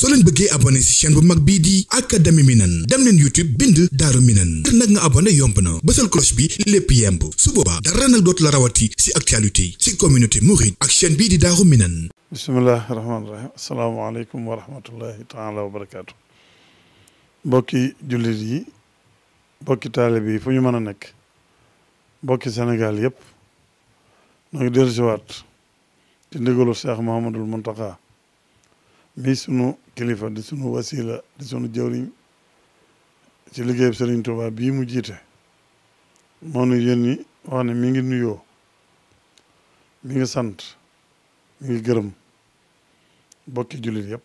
soo leen bëggee abonné ci chaîne bu mag bii di académie Minane dem leen YouTube bind Daaru Minane ngir nag nga abonné yomb na bësal cloche bi lépp yemb su boobaa dara nag dootu la rawati ci actualité ci communauté mouride ak chaîne bii di Daaru Minane bismillahi rahmaani rahim asalaamaaleykum wa rahmatullahi taala wa barakaatu mbokki jullit yi mbokki taalibe yi fu ñu mën a nekk senegal Sénégal yëpp noo ngi dellusiwaat ci ndigalu Cheikh Mouhamadul Mountakha mi sunu kilifa di sunu wasila di sunu jëwriñ ci liggéeyub Serigne Touba bii mu jiite moo nu yónni wax ne mi ngi nuyoo mi ngi sant mi ngi gërëm bokki jullit yëpp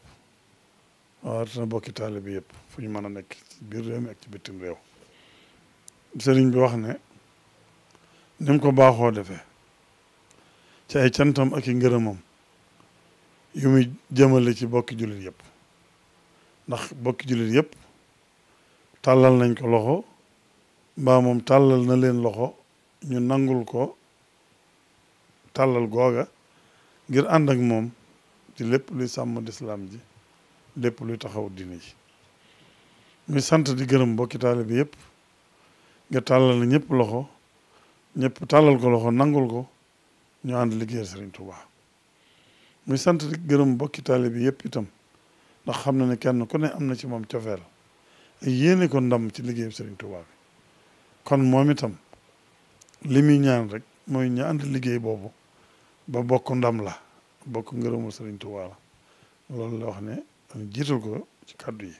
waawaatena bokki taalibe yëpp fu ñu mën a nekk ci biir réew mi ak ci bitim réew sëriñ bi wax ne ni ko baaxoo defe ca ay cantam ak i ngërëmam yu muy jëmale ci bokki jullit yëpp ndax bokki jullit yëpp tàllal nañ ko loxo mbaa moom tàllal na leen loxo ñu nangul ko tàllal googa ngir ànd ak moom ci lépp luy sàmm lislaam ji lépp luy taxaw diine ji muy sant di gërëm bokki taalibe bi yëpp nga tàllal na ñëpp loxo ñëpp tàllal ko loxo nangul ko ñu ànd liggéeyal Sëriñ Tuubaa muy sant di gërëm bokki taale bi yëpp itam ndax xam na ne kenn ku ne am na ci moom cofeel ak yéene ko ndam ci liggéeyam sëriñ Touba bi kon moom itam li muy ñaan rek mooy ñu ànd liggéey boobu ba bokk ndam la bokk ngërëmul sëriñ Touba la loolu la wax ne jiital ko ci kàddu yi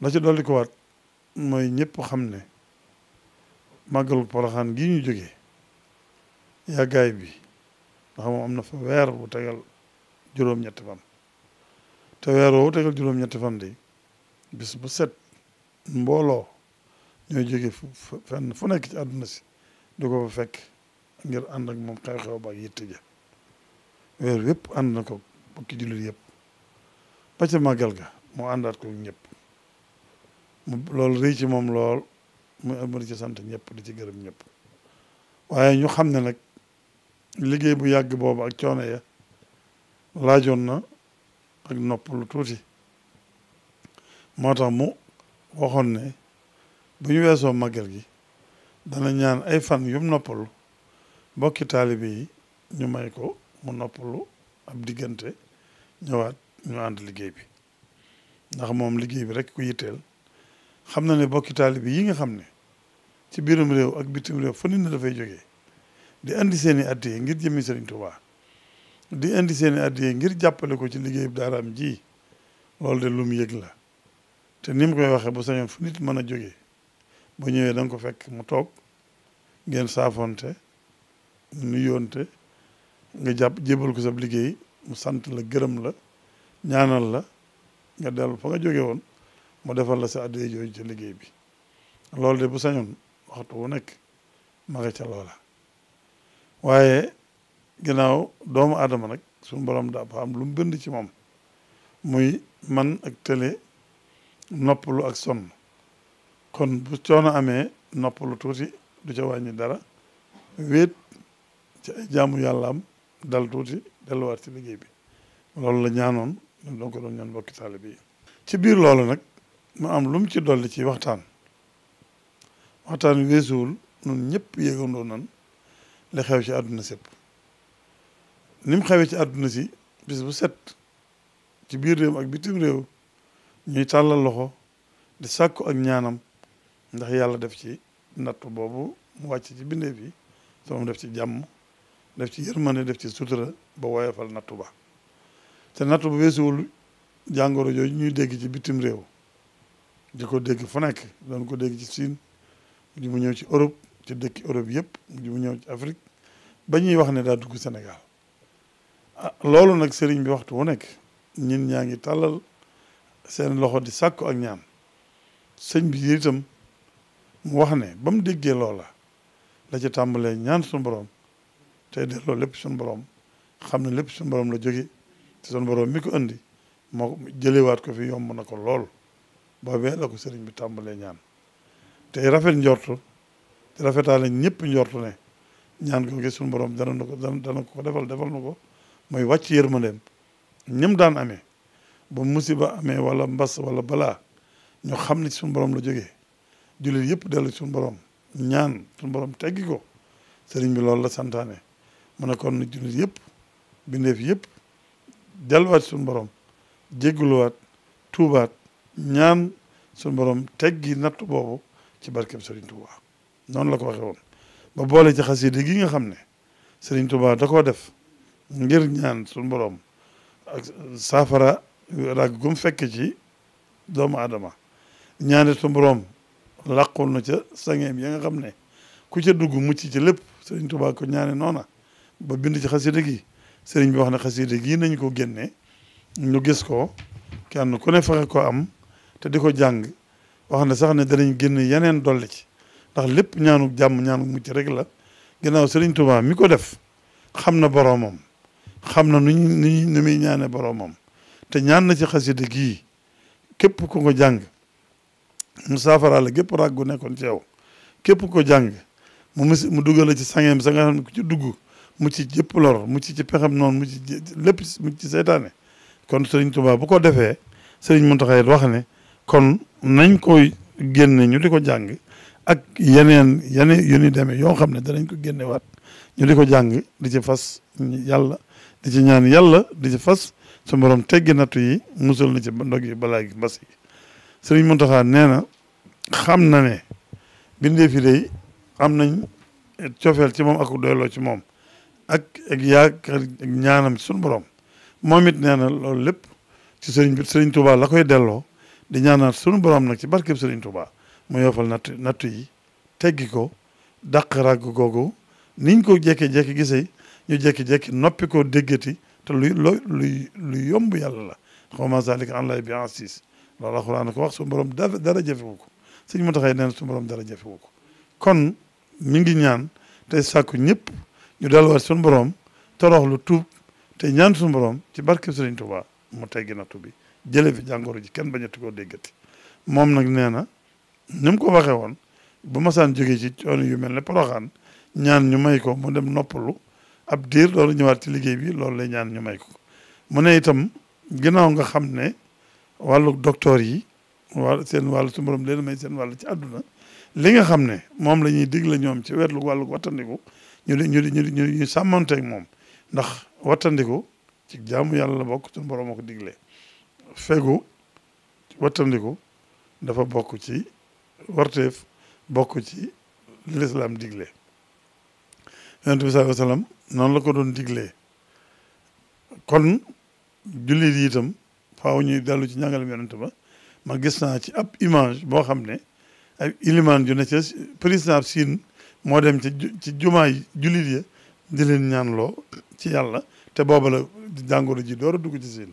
la ci dolli ko waat mooy ñëpp xam ne màggalu Poroxaan gi ñu jógee yàggaay bi ndax moom am na fa weer bu tegal juróom-ñetti fan te weer woowu tegal juróom-ñetti fan di bis bu set mbooloo ñooy jóge fenn fu nekk ci àdduna si di ko fa fekk ngir ànd ak moom xew-xew ba ak ja weer yëpp ànd na ko bokki jullit yëpp ba ca màggal ga moo àndaat ko ñëpp mu loolu rëy ci moom lool mu di ci sant ñëpp di ci gërëm ñëpp waaye ñu xam ne nag liggéey bu yàgg boobu ak coono ya laajoon na ak nopp lu tuuti moo tax mu waxoon ne bu ñu weesoo màggal gi dana ñaan ay fan yum noppalu bokki taalibe yi ñu may ko mu noppalu ab diggante ñëwaat ñu ànd liggéey bi ndax moom liggéey bi rek ku yitteel xam na ne bokki taalibe yi nga xam ne ci biirum réew ak bitim réew fu nit na dafay jógee di indi seen i yi ngir jëmmi Serigne Touba di indi seen i yi ngir jàppale ko ci liggéey bi daaraam ji loolu de lu mu yëg la te ni mu koy waxee bu sañoon fu nit mën a jóge bu ñëwee da ko fekk mu toog ngeen saafonte nuyoonte nga jàpp jébal ko sab liggéey mu sant la gërëm la ñaanal la nga dellu fa nga jóge woon mu defal la sa addiye jooju ci liggéey bi loolu de bu sañoon waxtu wu nekk ma ca loola waaye ginaaw doomu aadama nag suñu borom dafa am lu mu bind ci moom muy man ak tële noppalu ak sonn kon bu coono amee noppalu tuuti du ca wàññi dara wéet ci ay jaamu am dal tuuti delluwaat ci liggéey bi loolu la ñaanoon ñun doon ko doon ñaan mbokki taalibe yi ci biir loolu nag mu am lu mu ci dolli ci waxtaan waxtaan weesuwul nun ñëpp yéegandoo nan la xew ci àdduna sëpp ni mu xewee ci àdduna si bis bu set ci biir réew ak bitim réew ñuy tàllal loxo di sàkku ak ñaanam ndax yàlla def ci natt boobu mu wàcc ci bindee bi sama def ci jàmm def ci yërmande def ci sutura ba woyofal nattu ba te natt bu weesuwul jàngoro yooyu ñuy dégg ci bitim réew di ko dégg fu nekk doon ko dégg ci Siin mujj mu ñëw ci Europe ci dëkki Europe yëpp mujj mu ñëw ci Afrique ba ñuy wax ne daa dugg Sénégal ah loolu nag sëriñ bi waxtu wu nekk ñin ñaa ngi tàllal seen loxo di sàkku ak ñaan sëñ bi tam mu wax ne ba mu déggee loola la ca tàmbalee ñaan suñu borom tey de loolu lépp suñ borom xam ne lépp suñu borom la jóge te suñu borom mi ko indi moo jëlewaat ko fi yomb na ko lool boobee la ko sëriñ bi tàmbalee ñaan tey rafet njortu te rafetaale ñëpp njortu ne ñaan ko ngi suñu borom dana na ko dana ko defal defal na ko mooy wàcc yërmandeem ñëm daan amee ba musiba amee wala mbas wala balaa ñu xam ne suñu borom la jógee jullit yëpp dellu suñu borom ñaan suñu borom teggi ko sëriñ bi loolu la santaane mu ne kon jullit yëpp bindeef yëpp delluwaat suñu borom jégguluwaat tuubaat ñaan suñu borom teggi nattu boobu ci barkeb sëriñ Tuubaa noonu la ko waxee ba boole ci xasida gi nga xam ne Serigne Touba da koo def ngir ñaan suñu borom ak saafara rag gum fekk ci doomu aadama ñaane su borom làqul na ca sangeem ya nga xam ne ku ca dugg mucc ci lépp Serigne Touba ko ñaane noona ba bind ci xasida gi sëriñ bi wax ne xasida gi nañ ko génne ñu gis ko kenn ku ne fexe ko am te di ko jàng wax ne sax ne danañ génn yeneen dolli ci ndax lépp ñaanu jàmm ñaanu mucc rek la ginnaaw Serigne Touba mi ko def xam na boromam xam na nu ñuy nu muy ñaane boromam te ñaan na ci xasida képp ku jàng mu saafara la gépp nekkoon ci yow képp ko jàng mu mis mu dugal ci sangeem sa nga ci dugg mu ci jëpp lor mu ci ci pexam noonu mu lépp mu ci seytaane kon Serigne Touba bu ko defee Serigne Mountakha wax ne ñu di ko jàng ak yeneen yeneen yu ni demee yoo xam ne danañ ko génnewaat ñu di ko jàng di ci fas yàlla di ci ñaan yàlla di ci fas su boroom teggi nattu yi musal na ci ndog yi balaa gi mbas yi sëriñ Mountakha nee na xam na ne bindeef yi day am nañ cofeel ci moom ak doyloo ci moom ak ak yaakaar ak ñaanam ci suñu borom moom it nee na loolu lépp ci sëriñ bi sëriñ la koy delloo di ñaanaat suñu borom nag ci barkeb sëriñ Touba mu yofal natt nattu yi teggi ko dàq ragg googu niñ ko jékki-jékki gisee ñu jékki-jékki noppi ko déggati te luy luy lu yomb yàlla la xawma zalika an lay bi asis loolu alxuraan ko wax su borom dara jafewu ko sëñ mu taxay neen su borom dara jafewu ko kon mi ngi ñaan te sàkku ñëpp ñu delluwaat suñu borom lu tuub te ñaan suñu borom ci barke Sëriñ Tuubaa mu teggi nattu bi jële fi jàngoro ji kenn bañati koo déggati moom nag nee na ni ko waxee woon bu masaan jógee ci coono yu mel ne poroxaan ñaan ñu may ko mu dem noppalu ab diir loolu ñëwaat ci liggéey bi loolu lay ñaan ñu may ko mu ne itam ginnaaw nga xam ne wàllu docteur yi wàll seen wàllu su borom leen may seen wàllu ci àdduna li nga xam ne moom la ñuy digle ñoom ci wetlu wàllu wattandiku ñu di ñu ñu di moom ndax wattandiku ci jaamu yàlla la bokk suñu borom ko diglee fegu wattandiku dafa bokk ci warteef bokk ci lislaam digle yonent bi sallallahu alayhi noonu la ko doon digle kon jullit yi itam faaw ñuy dellu ci njàngalem yonent ba ma gis naa ci ab image boo xam ne ay ilimaan ju ne ca président Siin moo dem ci ci jumaay jullit ya di leen ñaanloo ci yàlla te booba la jàngoro ji door a dugg ci Siin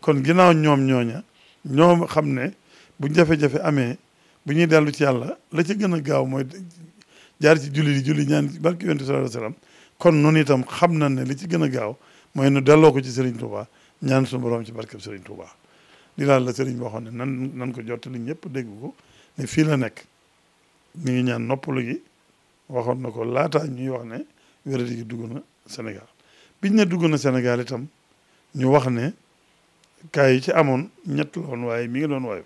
kon ginnaaw ñoom ñooña ñoom xam ne bu jafe-jafe amee bu ñuy dellu ci yàlla la ci gën a gaaw mooy jaar ci julli di julli ñaan barki yonent sallallahu kon noonu itam xam na ne li ci gën a gaaw mooy nu delloo ko ci sëriñ Touba ñaan suñu borom ci barkeb Serigne Touba li daal la Serigne waxoon ne nan nan ko jottali ñëpp dégg ko ne fii la nekk mi ngi ñaan noppalu gi waxoon na ko laataa ñuy wax ne wéradi gi dugg na Sénégal biñ ne dugg na Sénégal itam ñu wax ne kaay yi ci amoon ñett la woon waaye mi ngi doon waayu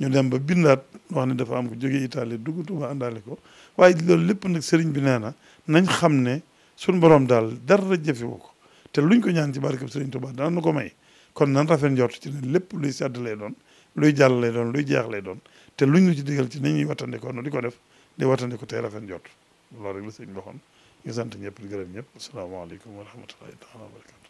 ñu dem ba bindaat wax ne dafa am ko jóge Italie dugg Tuuba àndaale ko waaye loolu lépp nag sëriñ bi nee na nañ xam ne suñ borom daal dara jëfewu ko te luñ ko ñaan ci barkeb sëriñ Tuuba dana nu ko may kon nan rafet njort ci ne lépp luy sedd lee doon luy jàll lay doon luy doon te luñ lu ci digal ci ni ñuy wattandikoo nu di ko def di wattandiko tey rafet jot loolu rek la sëriñ bi waxoon ñu sant ñëpp di gërëm ñëpp asalaamaaleykum wa rahmatullahi taala wa barakatu